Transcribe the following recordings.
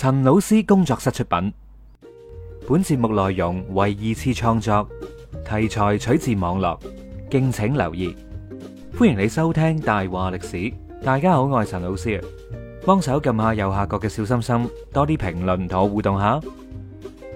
陳老師工作室出品，本節目內容為二次創作，題材取自網絡，敬請留意。歡迎你收聽大話歷史。大家好，我係陳老師啊，幫手撳下右下角嘅小心心，多啲評論同我互動下。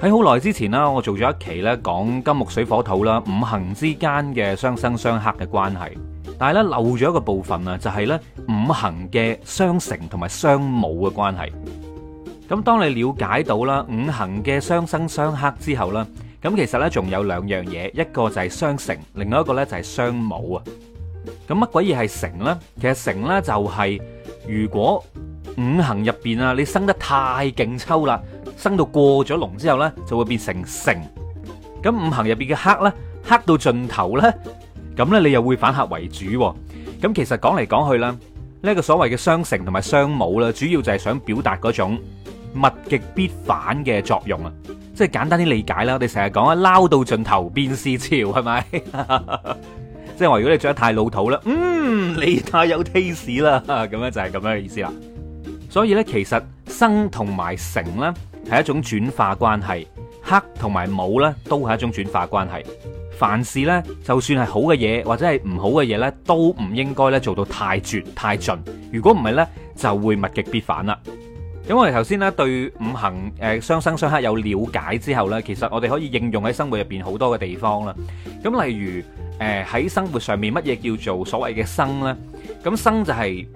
喺好耐之前啦，我做咗一期咧講金木水火土啦五行之間嘅相生相克嘅關係，但係咧漏咗一個部分啊，就係咧五行嘅相乘同埋相侮嘅關係。咁當你了解到啦五行嘅相生相克之後啦，咁其實咧仲有兩樣嘢，一個就係相乘，另外一個咧就係相侮啊。咁乜鬼嘢係乘咧？其實乘咧就係如果五行入邊啊，你生得太勁抽啦，生到過咗龍之後咧，就會變成乘。咁五行入邊嘅克咧，克到盡頭咧，咁咧你又會反客為主。咁其實講嚟講去啦，呢一個所謂嘅相乘同埋相侮啦，主要就係想表達嗰種。物極必反嘅作用啊，即係簡單啲理解啦。我哋成日講啊，撈到盡頭變係潮，係咪？ 即係話如果你着得太老土啦，嗯，你太有 taste 啦，咁樣就係咁樣嘅意思啦。所以咧，其實生同埋乘咧係一種轉化關係，克同埋侮咧都係一種轉化關係。凡事咧，就算係好嘅嘢，或者係唔好嘅嘢咧，都唔應該咧做到太絕太盡。如果唔係咧，就會物極必反啦。因為頭先呢對五行誒相生相克有了解之後呢，其實我哋可以應用喺生活入邊好多嘅地方啦。咁例如誒喺生活上面乜嘢叫做所謂嘅生呢？咁生就係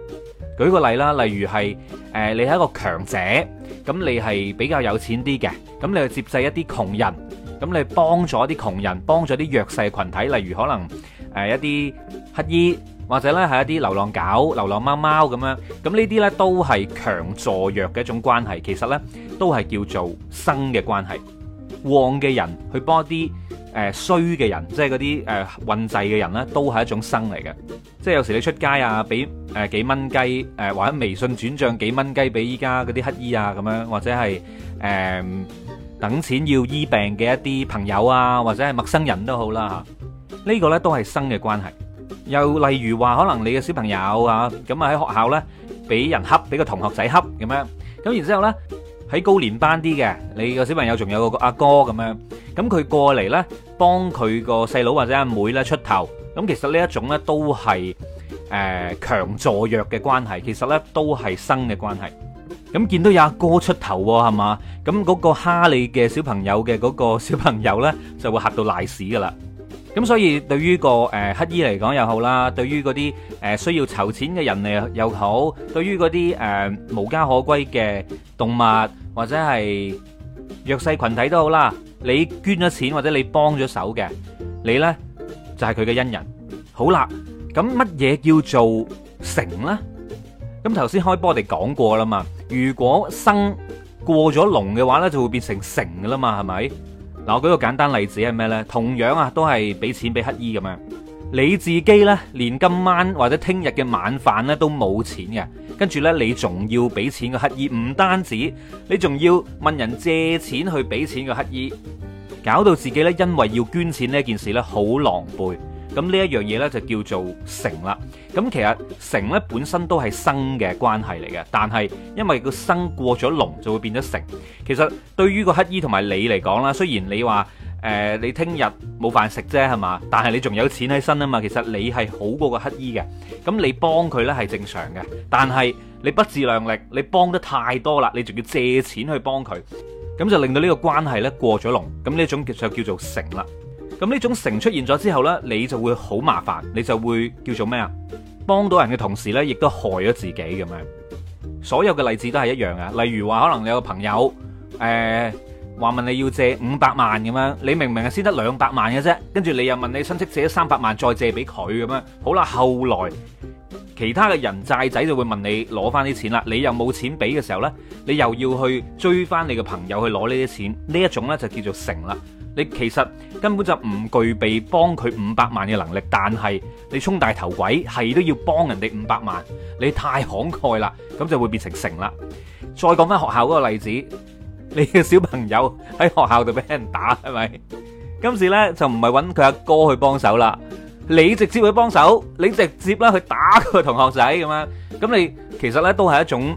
舉個例啦，例如係誒你係一個強者，咁你係比較有錢啲嘅，咁你去接濟一啲窮人，咁你幫咗啲窮人，幫咗啲弱勢群體，例如可能誒一啲乞衣。或者咧係一啲流浪狗、流浪貓貓咁樣，咁呢啲呢都係強助弱嘅一種關係。其實呢都係叫做生嘅關係。旺嘅人去幫啲誒、呃、衰嘅人，即係嗰啲誒運滯嘅人呢都係一種生嚟嘅。即係有時你出街啊，俾誒、呃、幾蚊雞，誒、呃、或者微信轉賬幾蚊雞俾依家嗰啲乞衣啊咁樣，或者係誒、呃、等錢要醫病嘅一啲朋友啊，或者係陌生人都好啦吓。呢、呢個呢都係生嘅關係。又例如話，可能你嘅小朋友啊，咁啊喺學校咧俾人恰，俾個同學仔恰咁樣。咁然之後咧喺高年班啲嘅，你個小朋友仲有個阿哥咁樣，咁佢過嚟咧幫佢個細佬或者阿妹咧出頭。咁其實呢一種咧都係誒強助弱嘅關係，其實咧都係生嘅關係。咁見到有阿哥出頭喎，係嘛？咁嗰個蝦你嘅小朋友嘅嗰個小朋友咧就會嚇到賴屎噶啦。咁所以，對於個誒乞兒嚟講又好啦，對於嗰啲誒需要籌錢嘅人嚟又好，對於嗰啲誒無家可歸嘅動物或者係弱勢羣體都好啦，你捐咗錢或者你幫咗手嘅，你咧就係佢嘅恩人。好啦，咁乜嘢叫做乘咧？咁頭先開波我哋講過啦嘛，如果生過咗龍嘅話咧，就會變成乘噶啦嘛，係咪？嗱，我舉個簡單例子係咩呢？同樣啊，都係俾錢俾乞衣咁樣。你自己呢，連今晚或者聽日嘅晚飯呢都冇錢嘅，跟住呢，你仲要俾錢個乞衣，唔單止，你仲要問人借錢去俾錢個乞衣，搞到自己呢，因為要捐錢呢件事呢，好狼狽。咁呢一樣嘢呢，就叫做乘啦。咁其實乘呢本身都係生嘅關係嚟嘅，但係因為個生過咗龍就會變咗乘。其實對於個乞兒同埋你嚟講啦，雖然你話、呃、你聽日冇飯食啫係嘛，但係你仲有錢喺身啊嘛。其實你係好過個乞兒嘅。咁你幫佢呢係正常嘅，但係你不自量力，你幫得太多啦，你仲要借錢去幫佢，咁就令到呢個關係呢過咗龍。咁呢一種就叫做乘啦。咁呢種乘出現咗之後呢，你就會好麻煩，你就會叫做咩啊？幫到人嘅同時呢，亦都害咗自己咁樣。所有嘅例子都係一樣嘅，例如話可能你有個朋友誒話、呃、問你要借五百萬咁樣，你明明係先得兩百萬嘅啫，跟住你又問你親戚借咗三百萬，再借俾佢咁樣。好啦，後來其他嘅人債仔就會問你攞翻啲錢啦，你又冇錢俾嘅時候呢，你又要去追翻你嘅朋友去攞呢啲錢。呢一種呢，就叫做乘啦。你其實根本就唔具備幫佢五百萬嘅能力，但係你衝大頭鬼係都要幫人哋五百萬，你太慷慨啦，咁就會變成乘啦。再講翻學校嗰個例子，你嘅小朋友喺學校度俾人打係咪？今次呢就唔係揾佢阿哥去幫手啦，你直接去幫手，你直接啦去打佢同學仔咁樣，咁你其實呢都係一種。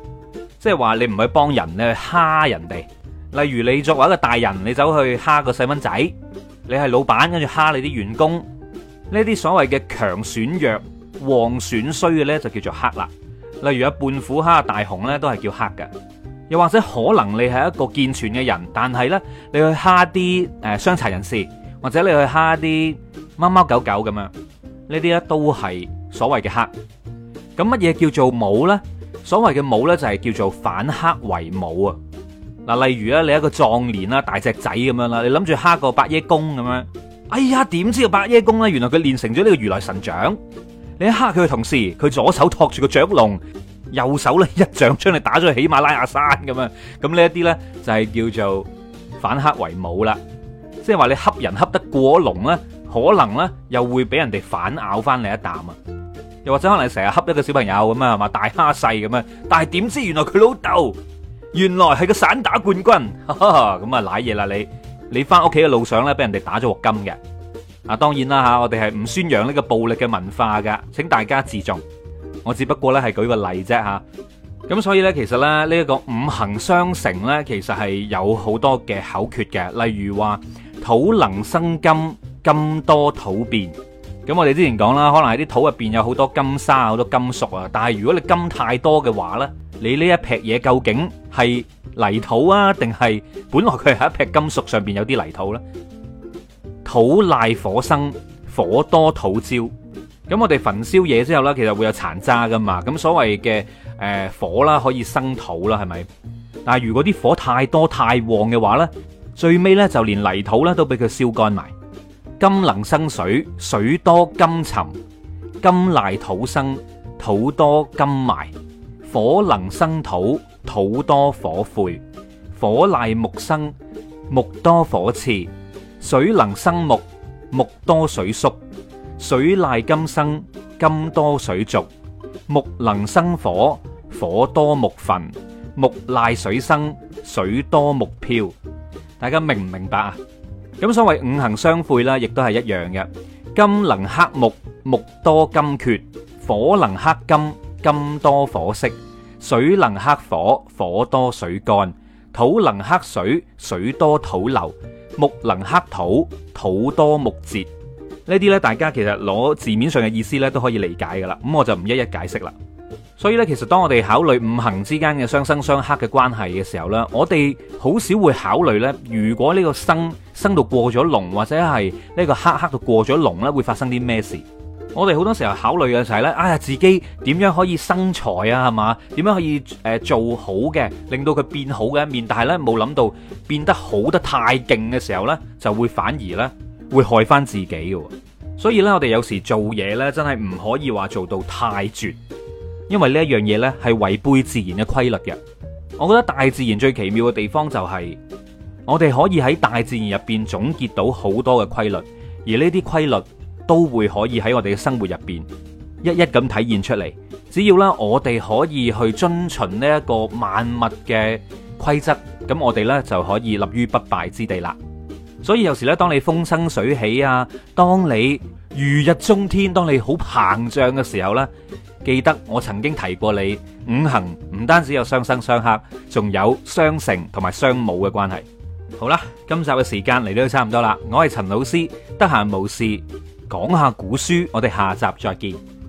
即係話你唔去幫人，你去蝦人哋。例如你作為一個大人，你走去蝦個細蚊仔，你係老闆跟住蝦你啲員工，呢啲所謂嘅強選弱、旺選衰嘅呢，就叫做黑啦。例如有胖虎、蝦大雄呢，都係叫黑㗎。又或者可能你係一個健全嘅人，但係呢，你去蝦啲誒傷殘人士，或者你去蝦啲貓貓狗狗咁樣，呢啲咧都係所謂嘅黑。咁乜嘢叫做冇呢？所謂嘅武咧就係叫做反黑為武啊！嗱，例如咧你一個壯年啦，大隻仔咁樣啦，你諗住蝦個八爺公咁樣，哎呀，點知個八爺公咧，原來佢練成咗呢個如來神掌，你一蝦佢嘅同時，佢左手托住個雀龍，右手咧一掌將你打咗去喜馬拉雅山咁樣，咁呢一啲咧就係叫做反黑為武啦，即係話你恰人恰得過龍咧，可能咧又會俾人哋反咬翻你一啖啊！又或者可能你成日恰一個小朋友咁樣，係嘛，大蝦細咁樣，但係點知原來佢老豆原來係個散打冠軍，咁啊瀨嘢啦你，你翻屋企嘅路上呢，俾人哋打咗鑊金嘅，啊當然啦吓，我哋係唔宣揚呢個暴力嘅文化噶，請大家自重，我只不過呢係舉個例啫吓，咁所以呢，其實咧呢一個五行相乘呢，其實係有好多嘅口訣嘅，例如話土能生金，金多土變。咁我哋之前講啦，可能喺啲土入邊有好多金沙、好多金屬啊。但係如果你金太多嘅話呢，你呢一劈嘢究竟係泥土啊，定係本來佢係一劈金屬上邊有啲泥土呢？土賴火生，火多土焦。咁我哋焚燒嘢之後呢，其實會有殘渣噶嘛。咁所謂嘅、呃、火啦，可以生土啦，係咪？但係如果啲火太多太旺嘅話呢，最尾呢，就連泥土呢都俾佢燒乾埋。金能生水，水多金沉；金賴土生，土多金埋。火能生土，土多火晦；火賴木生，木多火熾。水能生木，木多水縮；水賴金生，金多水濁；木能生火，火多木焚；木賴水生，水多木漂。大家明唔明白啊？咁所謂五行相侮啦，亦都係一樣嘅。金能克木，木多金缺；火能克金，金多火熄；水能克火，火多水乾；土能克水，水多土流；木能克土，土多木折。呢啲咧，大家其實攞字面上嘅意思咧，都可以理解噶啦。咁我就唔一一解釋啦。所以咧，其實當我哋考慮五行之間嘅相生相克嘅關係嘅時候咧，我哋好少會考慮咧，如果呢個生生到過咗龍，或者係呢個克克到過咗龍呢會發生啲咩事？我哋好多時候考慮嘅就係呢，哎呀，自己點樣可以生財啊，係嘛？點樣可以誒、呃、做好嘅，令到佢變好嘅一面。但係呢，冇諗到變得好得太勁嘅時候呢，就會反而呢會害翻自己嘅、哦。所以呢，我哋有時做嘢呢，真係唔可以話做到太絕，因為這件事呢一樣嘢呢係違背自然嘅規律嘅。我覺得大自然最奇妙嘅地方就係、是。我哋可以喺大自然入邊總結到好多嘅規律，而呢啲規律都會可以喺我哋嘅生活入邊一一咁體現出嚟。只要呢，我哋可以去遵循呢一個萬物嘅規則，咁我哋呢就可以立於不敗之地啦。所以有時呢，當你風生水起啊，當你如日中天，當你好膨脹嘅時候呢，記得我曾經提過你五行唔單止有相生相克，仲有相乘同埋相侮嘅關係。好啦，今集嘅時間嚟到差唔多啦，我係陳老師，得閒無事講一下古書，我哋下集再見。